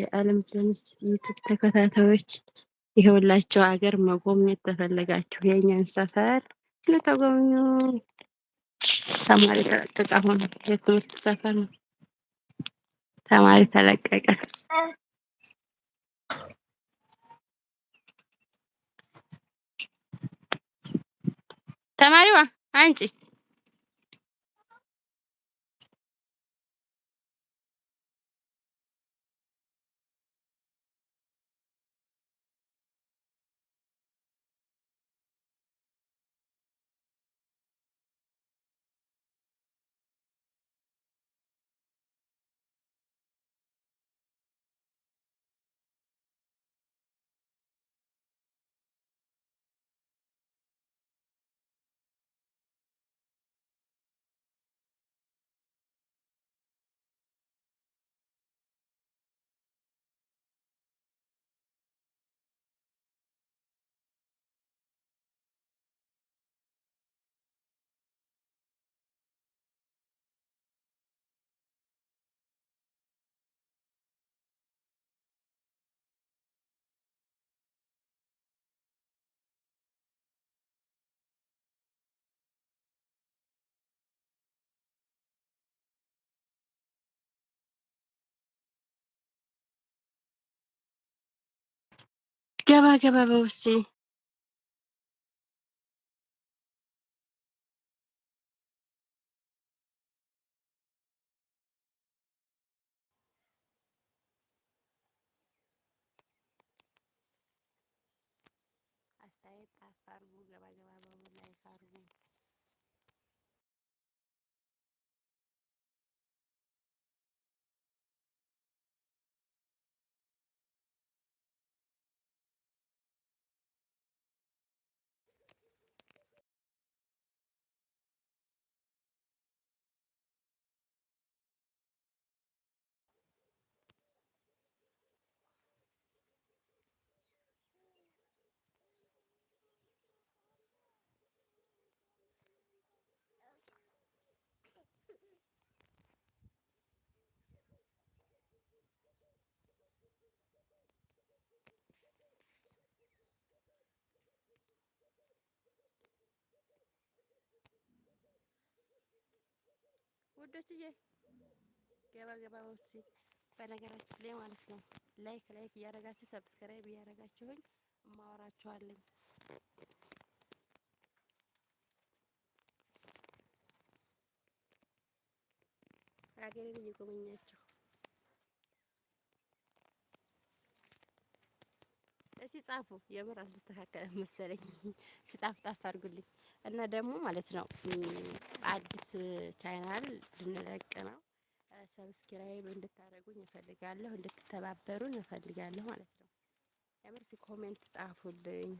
የዓለም ኬሚስት ዩቱብ ተከታታዮች የሁላቸው አገር መጎብኘት ተፈለጋችሁ የእኛን ሰፈር ስለተጎብኙ ተማሪ ተለቀቀ። አሁን የትምህርት ሰፈር ነው። ተማሪ ተለቀቀ። ተማሪዋ አንቺ ገባ ገባ በውስጤ አስተያየት አርጉ። ገባ ገባ በሉ ላይክ አርጉ። ውዶችዬ ገባ ገባ ውስ በነገራችን ላይ ማለት ነው ላይክ ላይክ እያደረጋችሁ ሰብስክራይብ እያደረጋችሁኝ እማወራችኋለኝ። ሀገሬን እየጎበኛችሁ ሲጻፉ የምር አልተስተካከለ መሰለኝ። ሲጣፍጣፍ አድርጉልኝ እና ደግሞ ማለት ነው አዲስ ቻናል ልንለቅ ነው። ሰብስክራይብ እንድታደርጉኝ እፈልጋለሁ፣ እንድትተባበሩን እፈልጋለሁ ማለት ነው። የምር ሲ ኮሜንት ጣፉልኝ።